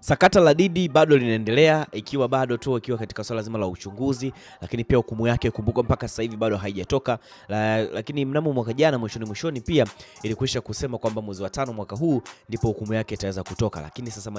Sakata la Didi bado linaendelea, ikiwa bado tu akiwa katika swala zima la uchunguzi, lakini pia hukumu yake, kumbuka, mpaka sasa hivi bado haijatoka. La, lakini mnamo mwaka jana mwishoni mwishoni pia ilikwisha kusema kwamba mwezi wa tano mwaka huu ndipo hukumu yake itaweza kutoka, lakini sasa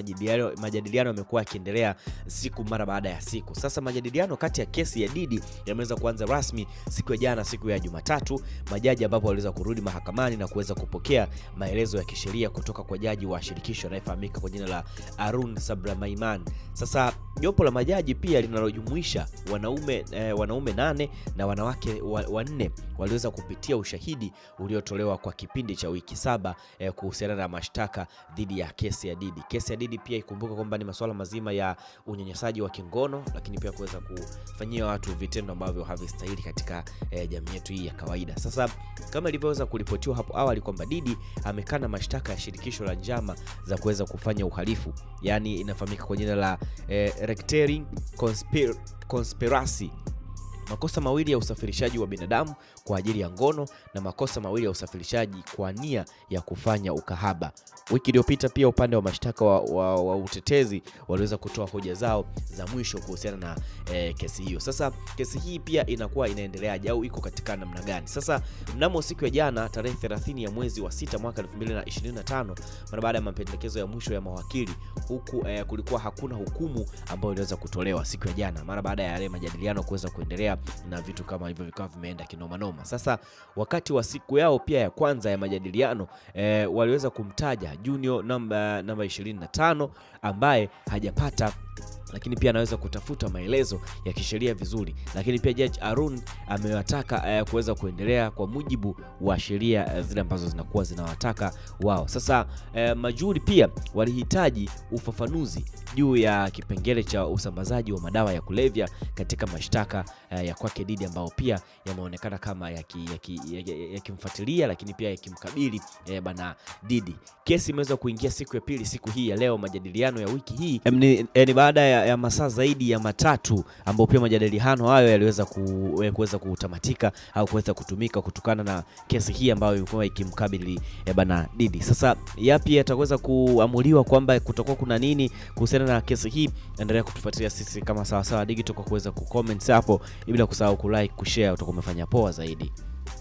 majadiliano yamekuwa yakiendelea siku mara baada ya siku. Sasa majadiliano kati ya kesi ya Didi yameweza kuanza rasmi siku ya jana, siku ya Jumatatu, majaji ambapo waliweza kurudi mahakamani na kuweza kupokea maelezo ya kisheria kutoka kwa jaji wa shirikisho anayefahamika kwa jina la Arun sa Bramaiman. Sa SAP, jopo la majaji pia linalojumuisha wanaume, eh, wanaume nane na wanawake wanne waliweza kupitia ushahidi uliotolewa kwa kipindi cha wiki saba eh, kuhusiana na mashtaka dhidi ya kesi ya Didi. Kesi ya Didi pia ikumbuka kwamba ni masuala mazima ya unyanyasaji wa kingono, lakini pia kuweza kufanyia watu vitendo ambavyo havistahili katika eh, jamii yetu hii ya kawaida. Sasa kama ilivyoweza kuripotiwa hapo awali kwamba Didi amekana mashtaka ya shirikisho la njama za kuweza kufanya uhalifu, yani inafahamika kwa jina la eh, racketeering conspiracy makosa mawili ya usafirishaji wa binadamu kwa ajili ya ngono na makosa mawili ya usafirishaji kwa nia ya kufanya ukahaba. Wiki iliyopita pia upande wa mashtaka wa, wa, wa utetezi waliweza kutoa hoja zao za mwisho kuhusiana na e, kesi hiyo. Sasa kesi hii pia inakuwa inaendelea au iko katika namna gani? Sasa mnamo siku ya jana tarehe 30 ya mwezi wa 6 mwaka 2025 mara baada ya mapendekezo ya mwisho ya mawakili huku e, kulikuwa hakuna hukumu ambayo iliweza kutolewa siku ya jana mara baada ya yale majadiliano kuweza kuendelea na vitu kama hivyo vikawa vimeenda kinomanoma. Sasa wakati wa siku yao pia ya kwanza ya majadiliano e, waliweza kumtaja Junior namba namba 25 ambaye hajapata lakini pia anaweza kutafuta maelezo ya kisheria vizuri. Lakini pia Judge Arun amewataka uh, kuweza kuendelea kwa mujibu wa sheria uh, zile ambazo zinakuwa zinawataka wao. Sasa uh, eh, majuri pia walihitaji ufafanuzi juu ya kipengele cha usambazaji wa madawa ya kulevya katika mashtaka uh, ya kwake Diddy ambayo pia yameonekana kama yakimfuatilia, lakini pia yakimkabili uh, bana Diddy. Kesi imeweza kuingia siku ya pili siku hii ya leo, majadiliano ya wiki hii ni baada ya ya, masaa zaidi ya matatu ambapo pia majadiliano hayo yaliweza eh, kuweza kutamatika au kuweza kutumika kutokana na kesi hii ambayo imekuwa ikimkabili eh, bana Didi. Sasa yapi yataweza kuamuliwa kwamba kutakuwa kuna nini kuhusiana na kesi hii? Endelea kutufuatilia sisi kama Sawasawa Digital kwa kuweza kucomment hapo, bila kusahau kulike, kushare, utakuwa umefanya poa zaidi.